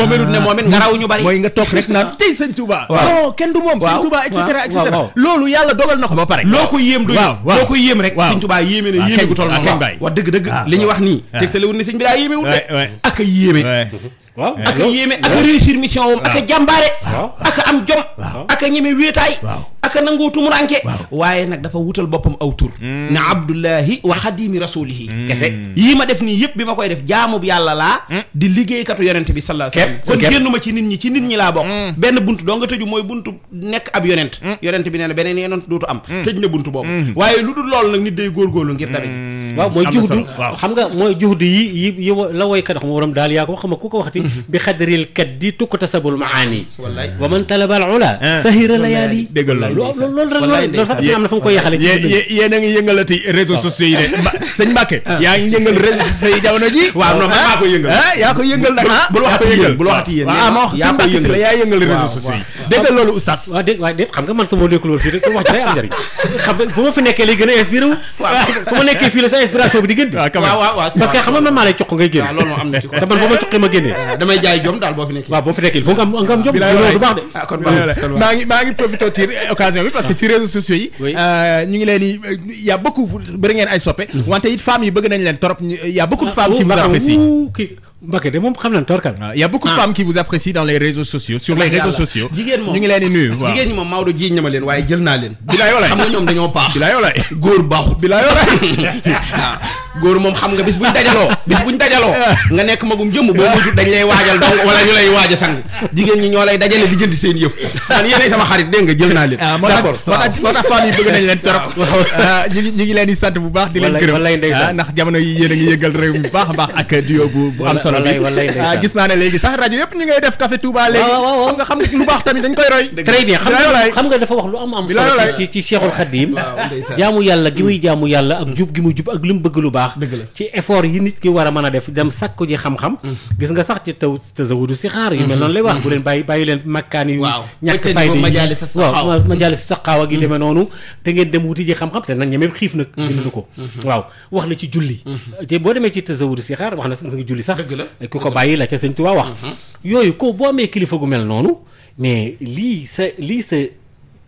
a mm. a kenn du moom a ah, ah. sëñ Touba non kenn loolu yàlla dogal na ko ba pare loo ko yéem doy loo ko yéem rek sëñ Touba yéeme na yéeme gu tol noonu waa dëgg dëgg ah, li ñuy wax nii ah. tegtale wul ne sëñ bi daa yéeme wul de ak a yéeme waaw ak a mission wam ak a jàmbaare ak a am jom ak a ñeme wéetaay ak a nangoo tumuranke waaye nag dafa wutal boppam aw tur hmm. ne abdullahi wa xadimi rasulihi hmm. kese yii ma def nii yëpp bi ma koy def jaamub yàlla laa hmm. di liggéeykatu yonent bi sallallahu alayhi wa sallam kon génnuma ci nit ñi ci nit ñi laa bokk benn bunt doo nga tëju mooy buntu nekk ab yonent yonent bi nee na beneen yonent dootu am tëj bunt boobu waaye lu dul loolu nag nit Hmm. waaw mooy juhdu yi la woykat xam waram daal yaa ko wax xam ku ko waxti hmm. bi xadril kat di tukku tasabul maani wa man talabal ula ah. sahira layaali déggal loolu loolu rek loolu sax am na fa nga koy yaxale yéen a ngi yëngalati réseaux ah. sociaux yi de sëñ Mbacke ah. yaa ngi yëngal réseaux sociaux yi jamono ji waaw non maa ko yëngal yaa ko yëngal nag bul waxati yëngal bul waxati yéen ah ma wax sëñ Mbacke si la yaa yëngal réseaux sociaux yi déggal loolu oustaz waaw dégg waaye dégg xam nga man sama nekkul woon fii rek wax ci day am njëriñ xam nga bu ma fi nekkee lay gën a inspiré wu su ma sa bi di génn. Ah, waaw waaw waaw parce que xam nga man maa lay cuq ngay génn. Ah, te man boo ma cuqee ma génnee. Ah, damay jaay jom daal boo fi nekkee. waaw boo fi nekkee il faut nga am nga am jom. loolu baax de. maa ngi maa ngi profité occasion bi parce que ci réseaux sociaux yi. Euh, ñu ngi leen di euh, y' a bëri ngeen ay soppe. Mm-hmm. wante it femmes yi bëgg nañ leen trop y' a beaucoup de femmes oh, qui Mbacké de moom xam na torkal. waaw ah, y' a beaucoup de ah. femmes qui vous apprécient dans les réseaux sociaux. sur les réseaux sociaux jigéen moom ñu jigéen ñi moom Maodo jiiñ na ma leen waaye jël naa leen. bilaay walaay xam nga ñoom dañoo paax. bilaay walaay góor baaxut bilaay walaay ah. góor moom xam nga bis buñ dajaloo bis buñ dajaloo nga nekk magum jëmm boo mujjul dañ lay waajal donc wala ñu lay waaj a sang jigéen ñi ñoo lay dajale li jënd seen yëf man yéenay sama xarit naa leen ah, ah, ñu ngi ñu ngi leen di bu baax di leen gërëm ah, ndax jamono yi yéen a ngi yëgal réew mi baax a baax naa ne léegi sax rajo yëpp ñu ngay def café Touba léegi xam nga xam nga lu baax tamit dañ koy roy très bien xam nga dafa wax lu am am solo ci ci Cheikhul jaamu yàlla gi muy jaamu yàlla ak jub gi muy jub ak lu mu bëgg lu baax baax ci effort yi nit ki war a mën a def dem sàkku ji xam-xam mm-hmm. gis nga sax ci taw tasawudu si xaar yu mel mm-hmm. noonu lay wax mm-hmm. bu leen bàyyi bàyyi leen makkaan yu ñàkk fayda yi waaw wax la ci julli boo demee ci tasawudu si xaar wax na nga julli sax ku ko bàyyi la ca sëñ Tuubaa wax yooyu ko boo amee kilifa gu mel noonu mais lii sa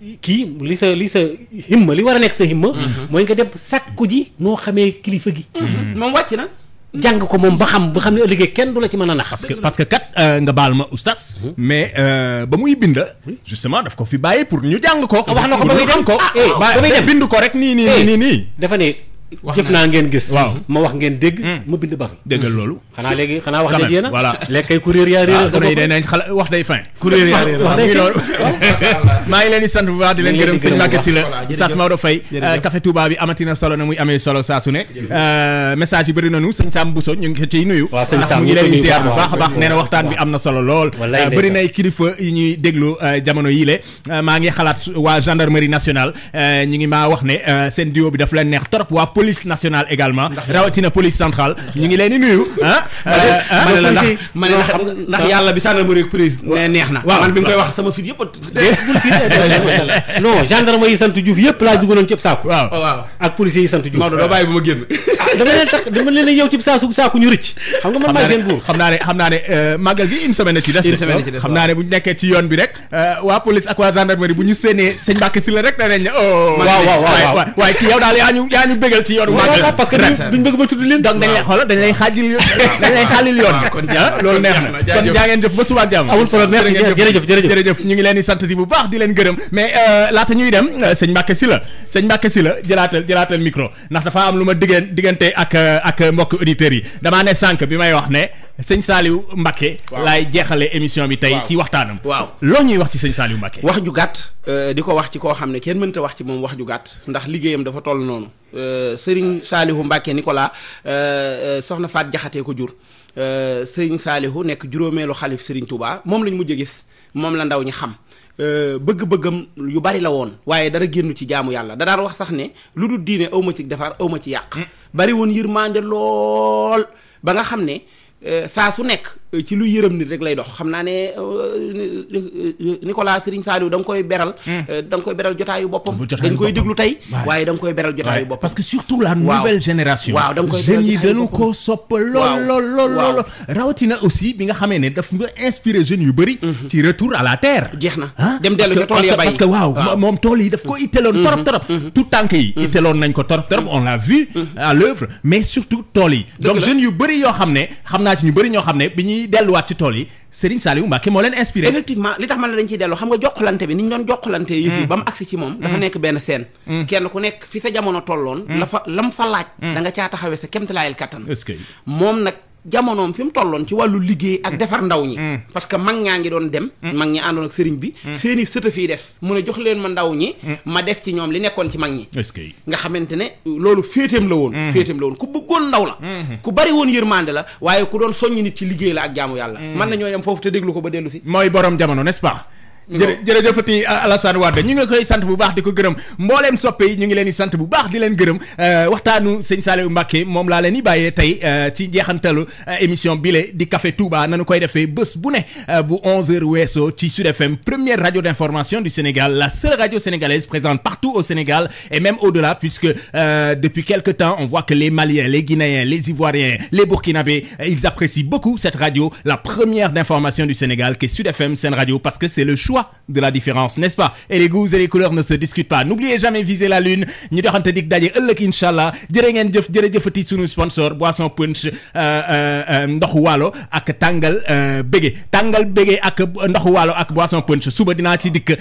kii li sa li sa himma li war a nekk sa himma. Mhm. mooy nga dem sàkku ji noo xamee kilifa gi. Mhm. Mhm. moom wàcc na. jàng ko moom ba xam ba xam ne ëllëgee kenn du la ci mën a nax. parce que parce que kat euh, nga baal ma oustaz. mais euh, ba muy bind. justement daf ko fi bàyyi pour ñu jàng ko. Ah, wax ah, ah, ba muy dem ko ba muy dem bind ko rek nii nii nii nii. Eh, wax jëf naa ngeen gis. waaw ma wax ngeen dégg. Hmm. ma bind ba fi. déggal loolu. xanaa léegi xanaa wax a. voilà léegi kay kuréel ah, sa bopp dañ xala wax day fin. kuréel yaa réeral wax day loolu. maa ngi leen di sant bu baax di leen gërëm sëñ Mbacke Sylla Oustaz Maodo Faye euh, café Touba bi amatina solo na muy amee solo saa su ne. Euh, message yi bëri nañu sëñ Sam Bousso ñu ngi ko ciy nuyu. waaw sëñ ah, Sam ñu ngi leen di bu baax a baax nee na waxtaan bi am na solo lool. Euh, bëri nay kilifa yi ñuy déglu jamono yii le ngi xalaat waa gendarmerie nationale ñu ngi maa wax ne bi daf leen neex trop police nationale également rawatina police centrale ñu ngi leen di nuyu ah la ndax ma ah. ne la ndax yàlla bi gendarmerie prise neex na waaw man bi mu koy wax sama fit yëpp non ma yi sant Diouf yëpp laa dugaloon ci ab saaku waaw oh, waaw ak policiers yi sant Diouf Maodo bàyyi ba ma génn ah, dama leen tax dama leen yow ci saasu saaku ñu rëcc xam nga man maay seen buur xam naa ne xam naa ne euh, màggal gi une semaine ci ci des xam naa ne bu nekkee ci yoon bi rek euh, bu ñu séenee sëñ Mbàkke si la rek danañ ne oh. waaw waaw waaw waaye ci yoonu màgg parce que duñ bëgg ba tudd leen donc dañ lay xoolal dañ lay xaajil dañ lay xaalil yoon ah, loolu neex na kon jaa ngeen jëf ba suba jàmm amul problème ñu ngi leen di sant di bu baax di leen gërëm mais euh, laata ñuy dem euh, sëñ Mbacke si la sëñ Mbacke si la jëlaatal jëlaatal micro ndax dafa am lu ma diggéen diggante ak euh, ak mbokk auditeurs yi damaa ne sànq bi may wax ne sëñ Saliou Mbacke laay jeexale émission bi tey ci waxtaanam waaw loo ñuy wax ci sëñ Saliou Mbacke wax ju gàtt di ko wax ci koo xam ne kenn mënta wax ci moom wax ju gàtt ndax liggéeyam dafa toll noonu Euh, Serigne Saalihu Mbacke Nicolas euh, euh, soxna Faat Jaxate ko jur Serigne Saalihu nekk juróomeelu xalif Serigne Touba moom lañ mujj gis moom la ndaw ñi xam bëgg-bëggam yu bari la woon waaye dara génnu ci jaamu yàlla da daan wax sax ne lu dul diine aw ma ci defar aw ma ci yàq. Mm. bari woon yërmande lool ba nga xam ne saa su nekk. ci lu yërëm nit rek lay dox xam naa ne euh, Nicolas Serigne Saliou da koy beral hmm. euh, da nga koy beral jotaayu boppam dañ koy déglu tey waaye da koy beral jotaayu boppam parce que surtout la nouvelle génération waaw da nga koy jeunes yi dañu ko sopp lool lool lool lool aussi bi nga xamee ne daf nga inspiré jeunes yu bëri mm-hmm. ci retour la terre jeex na ah, dem dellu ca tool ya bay parce que waaw moom tool yi daf ko mm-hmm. itteeloon torop mm-hmm. torop tout tànk yi itteeloon nañ ko torop torop on l'a vu à l'œuvre mais surtout tool yi yu bëri yoo xam ne ñuy delluwaat ci tool yi Serigne Saliou Mbacké moo leen inspiré effectivement li tax man la dañ ciy dellu xam nga jokkalante bi ni ñu doon jokkalante yëf mm. agsi ci moom dafa mm. nekk benn scène mm. kenn ku nekk fi sa jamono tolloon la fa lam fa laaj da nga caa sa kemtalaayal kattan moom nag jamonoom fi mu tolloon ci wàllu liggéey ak mm. defar ndaw ñi mm. parce que mag ñaa ngi doon dem mm. mag ñi àndoon ak sëriñ bi seeni sëta fii def mu ne jox leen ma ndaw ñi ma def ci ñoom li nekkoon ci mag ñi nga xamante ne loolu féeteem la woon féeteem la woon ku bëggoon ndaw la mm-hmm. ku bari woon yërmande la waaye ku doon soññ nit ci liggéey la ak jaamu yàlla mën nañoo yem foofu te déglu ko ba dellu si mooy borom jamono n'est-ce pas jërë jërëjëfati Alassane Wade ñu ngi koy sant bu baax di ko gërëm mbooleem soppe yi ñu ngi leen di sant bu baax di leen gërëm euh, waxtaanu sëñ Saliou Mbacké moom laa leen di bàyyee tey euh, ci jeexantalu euh, émission bile di Café Touba nanu koy defee bés bu ne bu 11h weesoo ci Sud FM première radio d'information du Sénégal la seule radio sénégalaise présente partout au Sénégal et même au-delà puisque depuis quelque temps on voit que les Maliens les Guinéens les Ivoiriens les Burkinabés ils apprécient beaucoup cette radio la première d'information du Sénégal qui est Sud FM Sen Radio parce que c'est le choix de la différence n'est-ce pas et jamais viser la lune ñu doxante dig daje ëllëg incha allah jërë ngeen jëf jërëjëfati sunu sponsor boisson punch euh, euh, euh, ndoxu waalo ak tàngal bége tàngal bége ak ndoxu waalo ak boisson punch suba dinaa ci dikk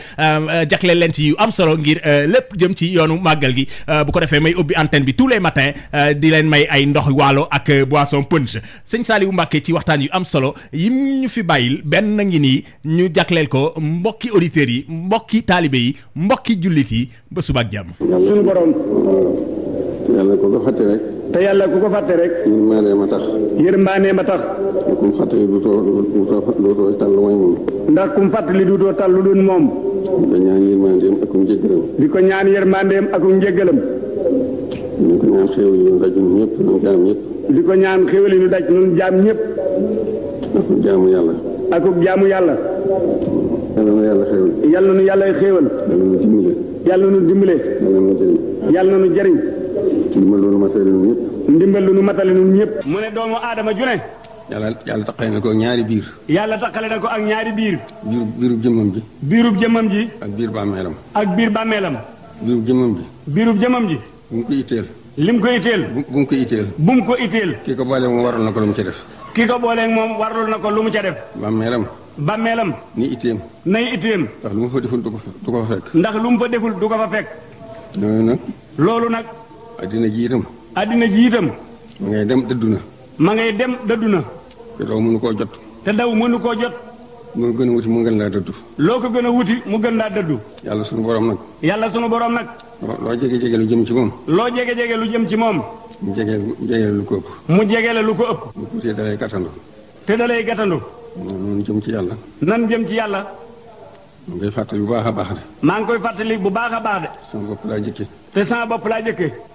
jagleel leen ci yu am solo ngir lépp jëm ci yoonu màggal gi bu ko defee may ubbi antenne bi tous les matins di leen may ay ndox waalo ak boisson punch sëñ Saliou Mbacke ci waxtaan yu am solo yim ñu fi bàyyil mbokki auditeurs yi mbokki taalibe yi mbokki jullit yi ba suba ak yàlla te yàlla ku ko fàtte rek. yërmaanee ma tax. yërmaanee ma tax. ndax kum fàttali duutoo duutoo tal lu may moom. ndax kum di ko ñaan yërmaandeem ak um njëggalam. di ko ñaan yërmaandeem ak um njëggalam. jaamu yàlla. yàlla na yàlla xéewal. yàlla na nu yàlla na nu dimbale. yàlla na nu jëriñ. ndimbal lu nu matale ñun ñëpp. nu mu doomu aadama ju ne. yàlla yàlla taqale na ko ak ñaari biir. yàlla taqale na ko ak ñaari biir. biir biirub jëmmam ji. biirub jëmmam ji. ak biir bàmmeelam. ak biir jëmmam ji. biirub jëmmam ji. mu ko itteel. lim ko itteel. bu mu ko itteel. bu ko itteel. kii ko boole moom warul na ko lu ca def. kii ko boole moom warul na ko lu ca def. bàmmeelam. bàmmeelam ni itteem nay itteem ndax lu mu fa deful du ko du ko fa fekk ndax lu mu fa deful du ko fa fekk loolu nag loolu nag addina ji itam àddina ji itam ma ngay dem dëddu na ma ngay dem dëddu na te daw mënu koo jot te daw mënu koo jot loo gën a wuti mu gën laa dëddu loo ko gën a wuti mu gën laa dëddu yàlla sunu borom nag yàlla sunu borom nag loo jege-jege lu jëm ci moom loo jege-jege lu jëm ci moom mu jege ko mu jege la lu ko ëpp bu tuutee dalay gàttandu te dalay noonu jëm ci yàlla. nan jëm ci yàlla. maa ngi koy fàttali bu baax a baax de. maa ngi koy fàttali bu baax a baax de. sama bopp laa njëkkee. te sama bopp laa njëkkee.